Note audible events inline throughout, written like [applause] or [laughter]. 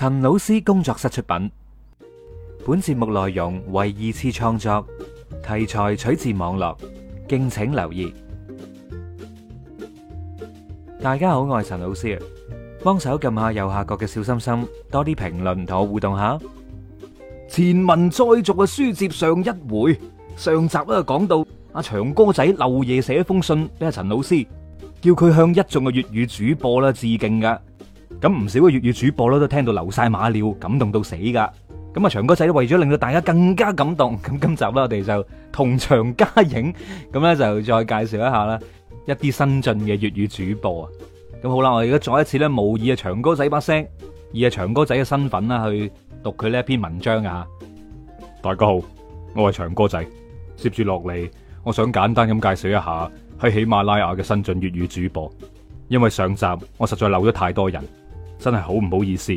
陳老師工作室出品，本節目內容為二次創作，題材取自網絡，敬請留意。大家好，我係陳老師啊，幫手撳下右下角嘅小心心，多啲評論同我互動下。前文再續嘅書接上一回，上集咧就講到阿祥哥仔漏夜寫封信俾阿陳老師，叫佢向一眾嘅粵語主播啦致敬噶。咁唔少嘅粵語主播咧都聽到流晒馬尿，感動到死噶。咁啊，長哥仔為咗令到大家更加感動，咁今集咧我哋就同場加映，咁咧就再介紹一下咧一啲新晉嘅粵語主播啊。咁好啦，我哋而家再一次咧模擬啊長哥仔把聲，以啊長哥仔嘅身份啦去讀佢呢一篇文章啊。大家好，我係長哥仔。接住落嚟，我想簡單咁介紹一下喺喜馬拉雅嘅新晉粵語主播。因為上集我實在漏咗太多人，真係好唔好意思。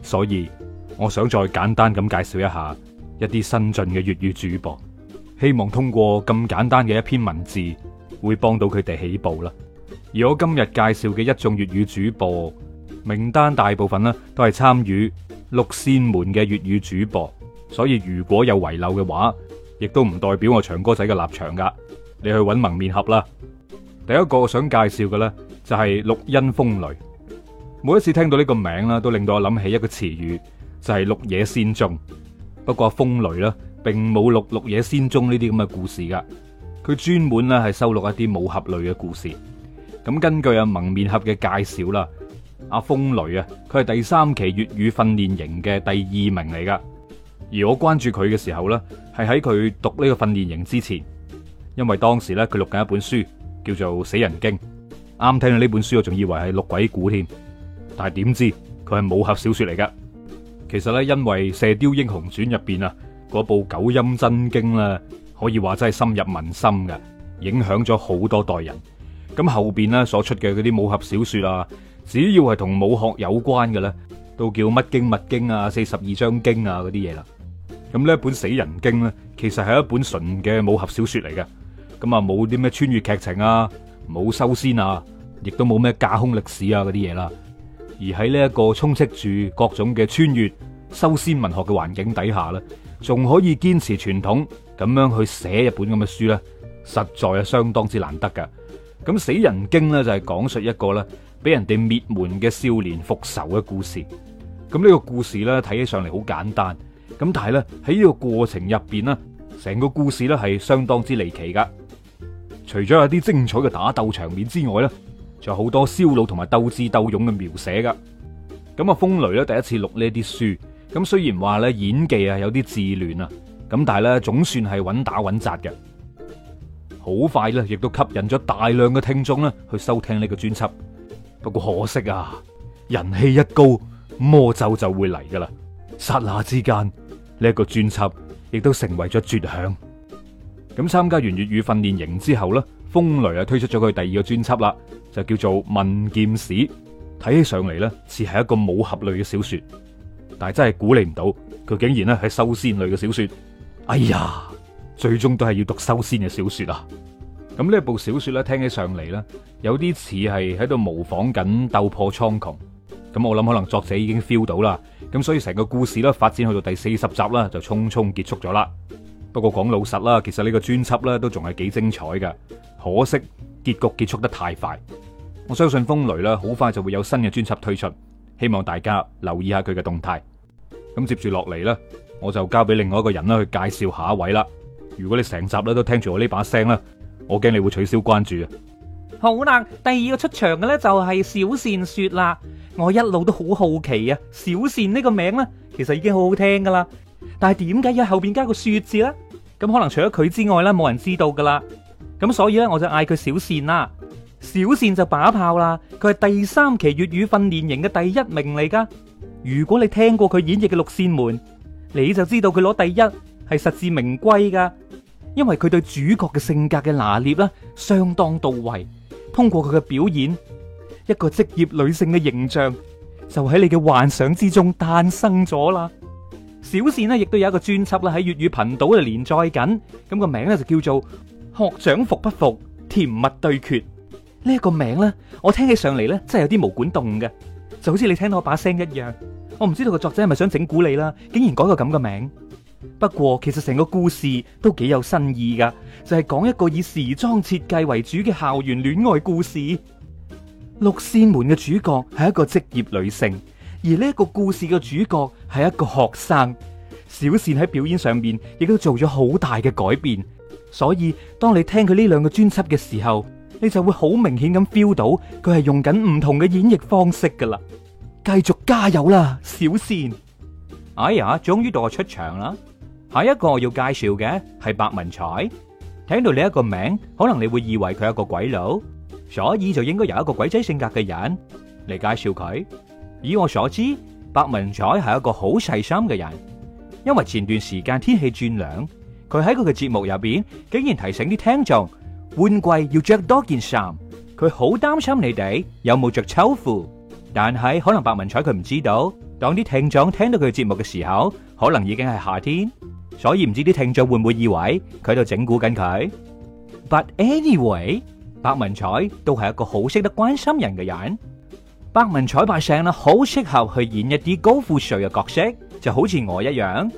所以我想再簡單咁介紹一下一啲新晉嘅粵語主播，希望通過咁簡單嘅一篇文字會幫到佢哋起步啦。而我今日介紹嘅一眾粵語主播名單，大部分咧都係參與六仙門嘅粵語主播，所以如果有遺漏嘅話，亦都唔代表我祥哥仔嘅立場噶。你去揾蒙面俠啦。第一個我想介紹嘅咧。就係、是、錄音風雷，每一次聽到呢個名啦，都令到我諗起一個詞語就係、是、綠野仙蹤。不過、啊、風雷呢，並冇錄綠野仙蹤呢啲咁嘅故事噶。佢專門咧係收錄一啲武俠類嘅故事。咁根據阿、啊、蒙面俠嘅介紹啦，阿、啊、風雷啊，佢係第三期粵語訓練營嘅第二名嚟噶。而我關注佢嘅時候咧，係喺佢讀呢個訓練營之前，因為當時咧佢錄緊一本書叫做《死人經》。啱聽到呢本書，我仲以為係六鬼古添，但係點知佢係武俠小說嚟噶。其實咧，因為《射雕英雄傳》入邊啊，嗰部《九陰真經》啦，可以話真係深入民心噶，影響咗好多代人。咁後邊咧所出嘅嗰啲武俠小說啊，只要係同武學有關嘅咧，都叫《乜經乜經》啊，《四十二章經》啊嗰啲嘢啦。咁呢一本《死人經》咧，其實係一本純嘅武俠小說嚟嘅，咁啊冇啲咩穿越劇情啊。冇修仙啊，亦都冇咩架空歷史啊嗰啲嘢啦，而喺呢一個充斥住各種嘅穿越、修仙文學嘅環境底下呢，仲可以堅持傳統咁樣去寫一本咁嘅書呢，實在係相當之難得噶。咁《死人經》呢，就係講述一個呢俾人哋滅門嘅少年復仇嘅故事。咁呢個故事呢，睇起上嚟好簡單，咁但係呢，喺呢個過程入邊呢，成個故事呢，係相當之離奇噶。除咗有啲精彩嘅打鬥場面之外咧，仲有好多燒腦同埋鬥智鬥勇嘅描寫噶。咁啊，風雷咧第一次錄呢啲書，咁雖然話咧演技啊有啲自亂啊，咁但係咧總算係穩打穩紮嘅。好快咧，亦都吸引咗大量嘅聽眾咧去收聽呢個專輯。不過可惜啊，人氣一高，魔咒就會嚟噶啦。剎那之間，呢一個專輯亦都成為咗絕響。咁參加完粵語訓練營之後咧，風雷啊推出咗佢第二個專輯啦，就叫做《問劍史》。睇起上嚟咧，似係一個武俠類嘅小說，但係真係估你唔到，佢竟然咧係修仙類嘅小說。哎呀，最終都係要讀修仙嘅小說啊！咁呢部小說咧，聽起上嚟咧，有啲似係喺度模仿緊《鬥破蒼穹》。咁我諗可能作者已經 feel 到啦，咁所以成個故事咧發展去到第四十集啦，就匆匆結束咗啦。不過講老實啦，其實呢個專輯咧都仲係幾精彩嘅，可惜結局結束得太快。我相信風雷咧好快就會有新嘅專輯推出，希望大家留意下佢嘅動態。咁接住落嚟咧，我就交俾另外一個人啦去介紹下一位啦。如果你成集咧都聽住我呢把聲咧，我驚你會取消關注啊！好啦，第二個出場嘅咧就係小善，說啦。我一路都好好奇啊，小善呢個名咧其實已經好好聽噶啦。但係點解要後邊加個數字呢？咁可能除咗佢之外呢，冇人知道噶啦。咁所以呢，我就嗌佢小善啦。小善就把炮啦，佢係第三期粵語訓練營嘅第一名嚟噶。如果你聽過佢演繹嘅六扇門，你就知道佢攞第一係實至名歸噶。因為佢對主角嘅性格嘅拿捏呢，相當到位。通過佢嘅表演，一個職業女性嘅形象就喺你嘅幻想之中誕生咗啦。小倩呢，亦都有一個專輯啦，喺粵語頻道啊連載緊。咁個名呢就叫做《學長服不服，甜蜜對決》。呢一、這個名呢，我聽起上嚟呢，真係有啲毛管戙嘅，就好似你聽到把聲一樣。我唔知道個作者係咪想整蠱你啦，竟然改個咁嘅名。不過其實成個故事都幾有新意噶，就係、是、講一個以時裝設計為主嘅校園戀愛故事。六扇門嘅主角係一個職業女性。而呢一個故事嘅主角係一個學生。小倩喺表演上面亦都做咗好大嘅改變，所以當你聽佢呢兩個專輯嘅時候，你就會好明顯咁 feel 到佢係用緊唔同嘅演繹方式噶啦。繼續加油啦，小倩！哎呀，終於到我出場啦。下一個我要介紹嘅係白文彩。聽到呢一個名，可能你會以為佢係一個鬼佬，所以就應該由一個鬼仔性格嘅人嚟介紹佢。以我所知，白文彩係一個好細心嘅人，因為前段時間天氣轉涼，佢喺佢嘅節目入邊，竟然提醒啲聽眾換季要着多件衫，佢好擔心你哋有冇着秋褲。但係可能白文彩佢唔知道，當啲聽眾聽到佢嘅節目嘅時候，可能已經係夏天，所以唔知啲聽眾會唔會以為佢喺度整蠱緊佢。But anyway，白文彩都係一個好識得關心人嘅人。百文彩扮聲啦，好適合去演一啲高富帥嘅角色，就好似我一樣。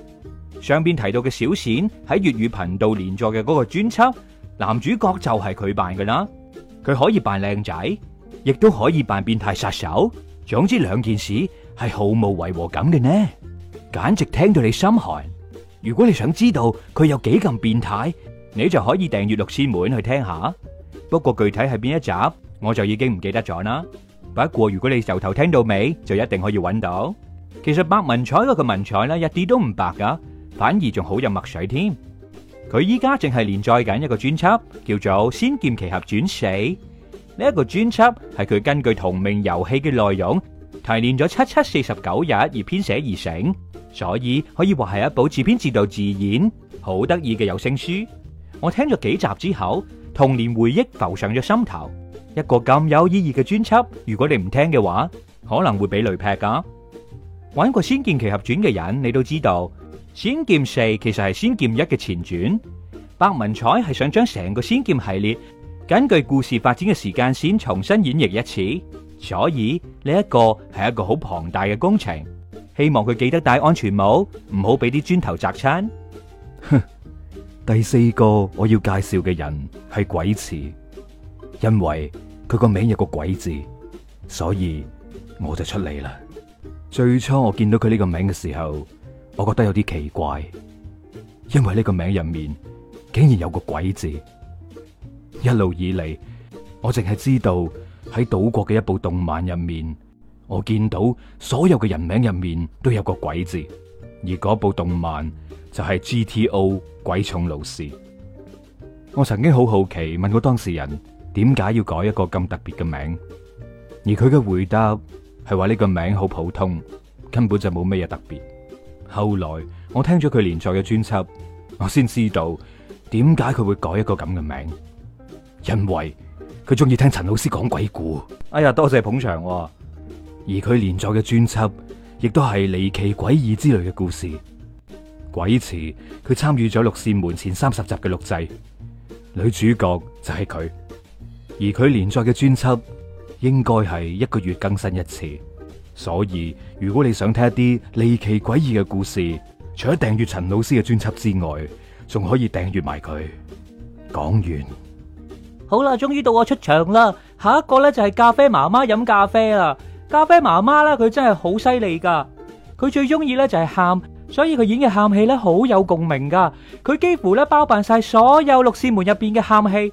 上邊提到嘅小冼喺粵語頻道連載嘅嗰個專輯，男主角就係佢扮嘅啦。佢可以扮靚仔，亦都可以扮變態殺手。總之兩件事係毫無違和感嘅呢，簡直聽到你心寒。如果你想知道佢有幾咁變態，你就可以訂閱六千蚊去聽下。不過具體係邊一集，我就已經唔記得咗啦。不過如果你由頭聽到尾，就一定可以揾到。其實白文彩嗰個文采呢，一啲都唔白噶，反而仲好有墨水添。佢依家淨係連載緊一個專輯，叫做《仙劍奇俠傳四》。呢一個專輯係佢根據同名遊戲嘅內容提煉咗七七四十九日而編寫而成，所以可以話係一部自編自導自演好得意嘅有聲書。我聽咗幾集之後，童年回憶浮上咗心頭。一個咁有意義嘅專輯，如果你唔聽嘅話，可能會俾雷劈噶、啊。玩過《仙劍奇俠傳》嘅人，你都知道《仙劍四》其實係《仙劍一》嘅前傳。白文彩係想將成個《仙劍》系列根據故事發展嘅時間線重新演繹一次，所以呢、這個、一個係一個好龐大嘅工程。希望佢記得戴安全帽，唔好俾啲磚頭砸親。哼， [laughs] 第四個我要介紹嘅人係鬼池。因為佢個名有個鬼字，所以我就出嚟啦。最初我見到佢呢個名嘅時候，我覺得有啲奇怪，因為呢個名入面竟然有個鬼字。一路以嚟，我淨係知道喺島國嘅一部動漫入面，我見到所有嘅人名入面都有個鬼字，而嗰部動漫就係 GTO 鬼塚老師。我曾經好好奇問過當事人。點解要改一個咁特別嘅名？而佢嘅回答係話呢個名好普通，根本就冇咩嘢特別。後來我聽咗佢連載嘅專輯，我先知道點解佢會改一個咁嘅名，因為佢中意聽陳老師講鬼故。哎呀，多謝捧場。而佢連載嘅專輯亦都係離奇詭異之類嘅故事。鬼詞佢參與咗六扇門前三十集嘅錄製，女主角就係佢。而佢連載嘅專輯應該係一個月更新一次，所以如果你想聽一啲離奇詭異嘅故事，除咗訂閱陳老師嘅專輯之外，仲可以訂閱埋佢。講完，好啦，終於到我出場啦！下一個呢就係咖啡媽媽飲咖啡啦。咖啡媽媽呢，佢真係好犀利噶，佢最中意呢就係喊，所以佢演嘅喊戲呢好有共鳴噶，佢幾乎呢包辦晒所有六扇門入邊嘅喊戲。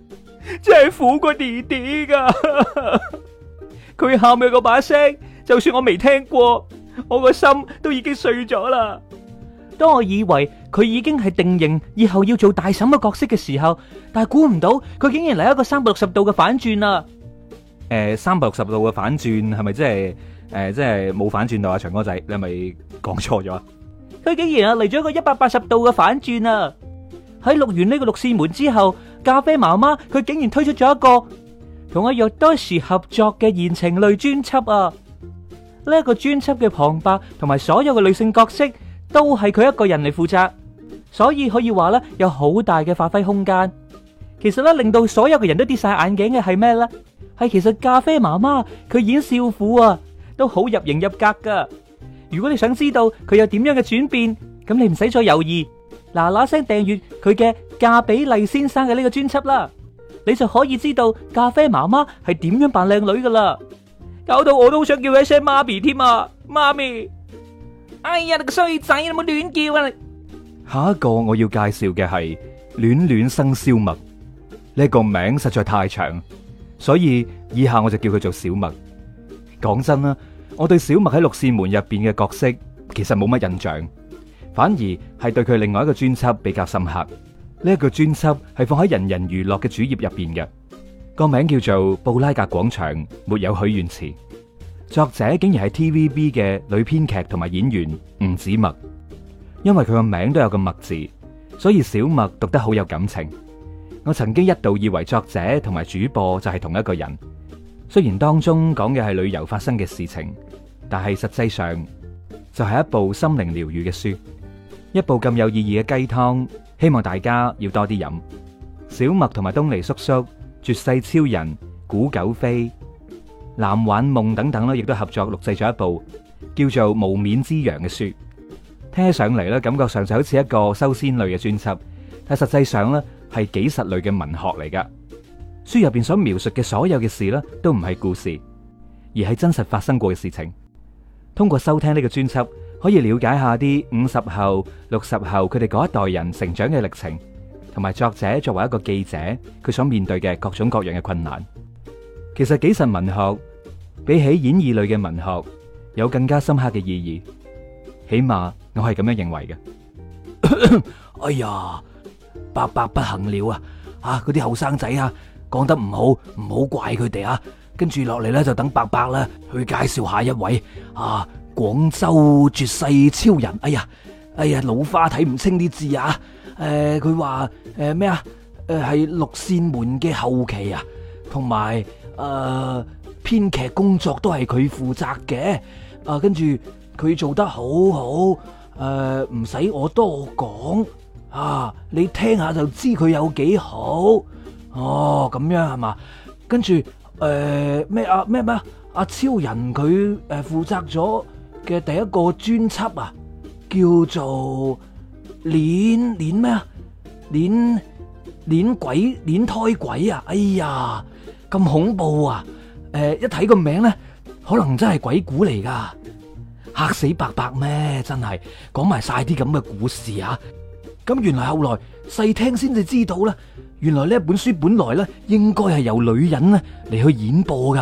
真係苦過弟弟噶、啊，佢喊嘅嗰把聲，就算我未聽過，我個心都已經碎咗啦。當我以為佢已經係定型，以後要做大嬸嘅角色嘅時候，但係估唔到佢竟然嚟一個三百六十度嘅反轉啊！誒、呃，三百六十度嘅反轉係咪即係誒，即係冇反轉到啊？祥哥仔，你係咪講錯咗啊？佢竟然啊嚟咗一個一百八十度嘅反轉啊！喺錄完呢個六扇門之後。咖啡媽媽佢竟然推出咗一個同阿若多士合作嘅言情類專輯啊！呢一個專輯嘅旁白同埋所有嘅女性角色都係佢一個人嚟負責，所以可以話咧有好大嘅發揮空間。其實咧令到所有嘅人都跌晒眼鏡嘅係咩咧？係其實咖啡媽媽佢演少婦啊都好入型入格㗎。如果你想知道佢有點樣嘅轉變，咁你唔使再猶豫。嗱嗱聲訂閱佢嘅嫁俾黎先生嘅呢個專輯啦，你就可以知道咖啡媽媽係點樣扮靚女噶啦，搞到我都好想叫佢一聲媽咪添啊，媽咪！哎呀，你個衰仔，你唔好亂叫啊！你下一個我要介紹嘅係暖暖生肖麥，呢個名實在太長，所以以下我就叫佢做小麥。講真啦，我對小麥喺六扇門入邊嘅角色其實冇乜印象。反而係對佢另外一個專輯比較深刻。呢一個專輯係放喺人人娛樂嘅主頁入邊嘅，個名叫做《布拉格廣場沒有許願池》，作者竟然係 TVB 嘅女編劇同埋演員吳子墨。因為佢個名都有個墨字，所以小墨讀得好有感情。我曾經一度以為作者同埋主播就係同一個人。雖然當中講嘅係旅遊發生嘅事情，但係實際上就係一部心靈療癒嘅書。一部咁有意義嘅雞湯，希望大家要多啲飲。小麥同埋東尼叔叔、絕世超人、古九飛、南幻夢等等啦，亦都合作錄製咗一部叫做《無冕之羊》嘅書。聽起上嚟咧，感覺上就好似一個修仙類嘅專輯，但係實際上咧，係紀實類嘅文學嚟噶。書入邊所描述嘅所有嘅事咧，都唔係故事，而係真實發生過嘅事情。通過收聽呢個專輯，可以了解下啲五十後、六十後佢哋嗰一代人成長嘅歷程，同埋作者作為一個記者，佢所面對嘅各種各樣嘅困難。其實紀實文學比起演義類嘅文學，有更加深刻嘅意義。起碼我係咁樣認為嘅。哎呀，伯伯不行了啊！吓，嗰啲後生仔啊，講得唔好，唔好怪佢哋啊。跟住落嚟咧，就等伯伯啦去介紹下一位啊。廣州絕世超人，哎呀，哎呀，老花睇唔清啲字啊！誒、呃，佢話誒咩啊？誒、呃，係、呃、六扇門嘅後期啊，同埋誒編劇工作都係佢負責嘅。啊，跟住佢做得好好，誒、呃，唔使我多講啊，你聽下就知佢有幾好。哦，咁樣係嘛？跟住誒咩啊咩咩啊？阿、啊啊啊、超人佢誒負責咗嘅第一個專輯啊，叫做《鏈鏈咩啊？鏈鏈鬼鏈胎鬼啊！哎呀，咁恐怖啊！誒，一睇個名咧，可能真係鬼故嚟噶，嚇死伯伯咩？真係講埋晒啲咁嘅故事啊！咁原來後來細聽先至知道啦，原來呢一本書本來咧應該係由女人咧嚟去演播噶，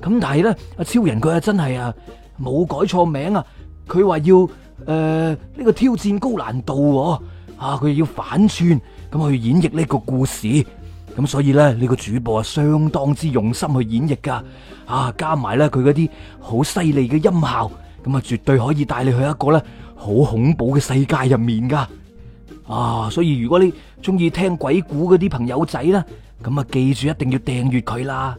咁但係咧阿超人佢啊真係啊！冇改錯名啊！佢話要誒呢、呃呢個挑戰高難度喎，啊佢要反串咁去演繹呢個故事，咁、啊、所以咧呢、呢個主播啊相當之用心去演繹噶，啊加埋咧佢嗰啲好犀利嘅音效，咁啊絕對可以帶你去一個咧好恐怖嘅世界入面噶，啊所以如果你中意聽鬼故嗰啲朋友仔啦，咁啊記住一定要訂閱佢啦，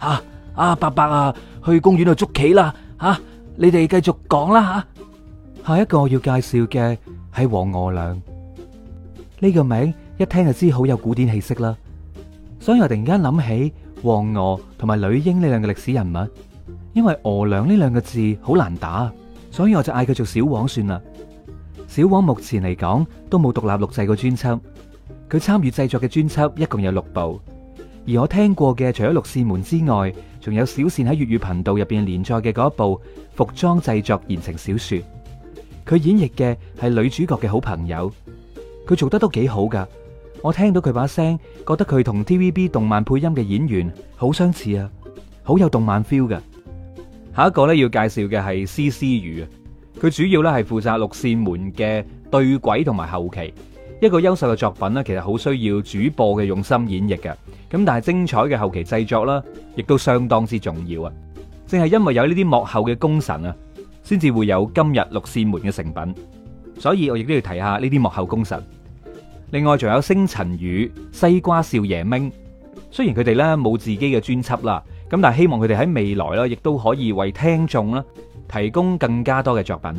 吓啊伯伯啊去公園度捉棋啦，吓、啊！啊伯伯啊你哋繼續講啦吓，下一個我要介紹嘅係黃娥娘，呢、呢個名一聽就知好有古典氣息啦，所以我突然間諗起黃娥同埋女英呢兩個歷史人物，因為娥娘呢兩個字好難打，所以我就嗌佢做小黃算啦。小黃目前嚟講都冇獨立錄製過專輯，佢參與製作嘅專輯一共有六部。而我聽過嘅，除咗六扇門之外，仲有小倩喺粵語頻道入邊連載嘅嗰一部服裝製作言情小說，佢演繹嘅係女主角嘅好朋友，佢做得都幾好噶。我聽到佢把聲，覺得佢同 TVB 動漫配音嘅演員好相似啊，好有動漫 feel 噶。下一個咧要介紹嘅係施思雨，佢主要咧係負責六扇門嘅對軌同埋後期。一個優秀嘅作品咧，其實好需要主播嘅用心演繹嘅。咁但係精彩嘅後期製作啦，亦都相當之重要啊！正係因為有呢啲幕後嘅功臣啊，先至會有今日六扇門嘅成品。所以我亦都要提下呢啲幕後功臣。另外仲有星塵雨、西瓜少爺、明，雖然佢哋咧冇自己嘅專輯啦，咁但係希望佢哋喺未來啦，亦都可以為聽眾啦提供更加多嘅作品。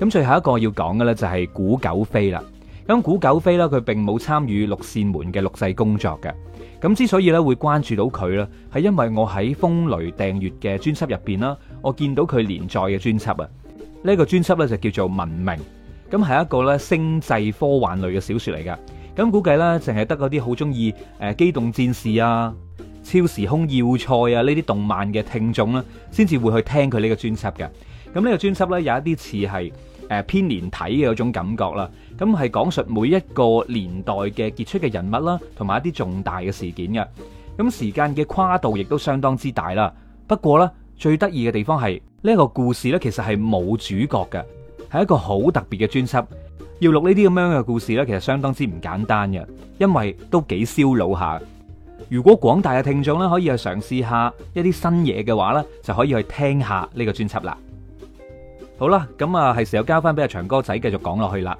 咁最後一個要講嘅咧就係古狗飛啦。咁古狗飛咧，佢並冇參與六扇門嘅錄製工作嘅。咁之所以咧會關注到佢咧，係因為我喺風雷訂閱嘅專輯入邊啦，我見到佢連載嘅專輯啊。呢個專輯咧就叫做《文明》，咁係一個咧星際科幻類嘅小說嚟噶。咁估計咧淨係得嗰啲好中意誒機動戰士啊、超時空要塞啊呢啲動漫嘅聽眾啦，先至會去聽佢呢個專輯嘅。咁呢個專輯咧有一啲似係。誒，偏連體嘅嗰種感覺啦，咁係講述每一個年代嘅傑出嘅人物啦，同埋一啲重大嘅事件嘅，咁時間嘅跨度亦都相當之大啦。不過呢，最得意嘅地方係呢個故事呢，其實係冇主角嘅，係一個好特別嘅專輯。要錄呢啲咁樣嘅故事呢，其實相當之唔簡單嘅，因為都幾燒腦下。如果廣大嘅聽眾呢，可以去嘗試下一啲新嘢嘅話呢，就可以去聽下呢個專輯啦。好啦，咁啊，係時候交翻俾阿祥哥仔繼續講落去啦。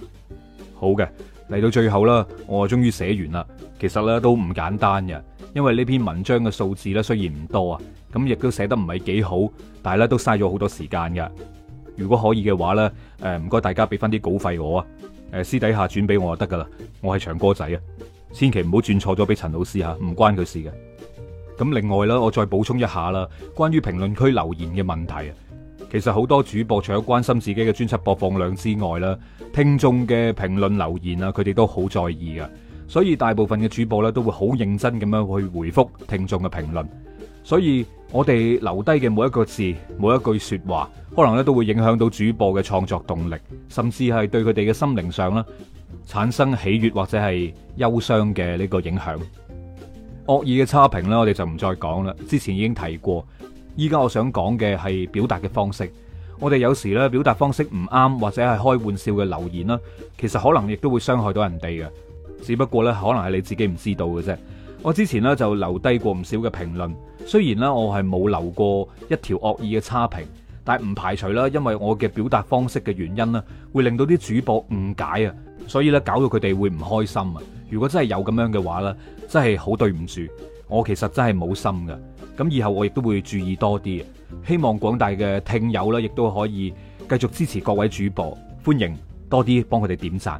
好嘅，嚟到最後啦，我啊終於寫完啦。其實咧都唔簡單嘅，因為呢篇文章嘅數字咧雖然唔多啊，咁亦都寫得唔係幾好，但係咧都嘥咗好多時間噶。如果可以嘅話咧，誒唔該大家俾翻啲稿費我啊，誒私底下轉俾我啊得噶啦。我係祥哥仔啊，千祈唔好轉錯咗俾陳老師吓，唔關佢事嘅。咁另外咧，我再補充一下啦，關於評論區留言嘅問題啊。其實好多主播除咗關心自己嘅專輯播放量之外啦，聽眾嘅評論留言啊，佢哋都好在意噶。所以大部分嘅主播咧都會好認真咁樣去回覆聽眾嘅評論。所以我哋留低嘅每一個字、每一句說話，可能咧都會影響到主播嘅創作動力，甚至係對佢哋嘅心靈上啦產生喜悅或者係憂傷嘅呢個影響。惡意嘅差評呢，我哋就唔再講啦。之前已經提過。依家我想講嘅係表達嘅方式，我哋有時咧表達方式唔啱或者係開玩笑嘅留言啦，其實可能亦都會傷害到人哋嘅。只不過咧，可能係你自己唔知道嘅啫。我之前呢，就留低過唔少嘅評論，雖然呢，我係冇留過一條惡意嘅差評，但係唔排除啦，因為我嘅表達方式嘅原因啦，會令到啲主播誤解啊，所以咧搞到佢哋會唔開心啊。如果真係有咁樣嘅話呢，真係好對唔住，我其實真係冇心噶。咁以後我亦都會注意多啲，希望廣大嘅聽友啦，亦都可以繼續支持各位主播，歡迎多啲幫佢哋點讚。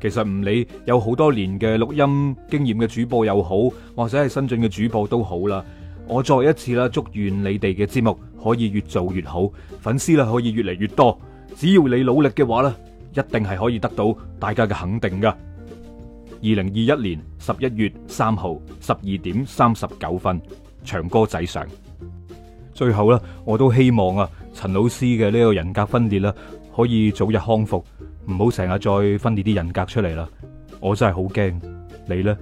其實唔理有好多年嘅錄音經驗嘅主播又好，或者係新晉嘅主播都好啦。我再一次啦，祝願你哋嘅節目可以越做越好，粉絲啦可以越嚟越多。只要你努力嘅話咧，一定係可以得到大家嘅肯定㗎。二零二一年十一月三號十二點三十九分。。祥哥仔上，最後咧，我都希望啊，陳老師嘅呢個人格分裂啦、啊，可以早日康復，唔好成日再分裂啲人格出嚟啦，我真係好驚，你呢？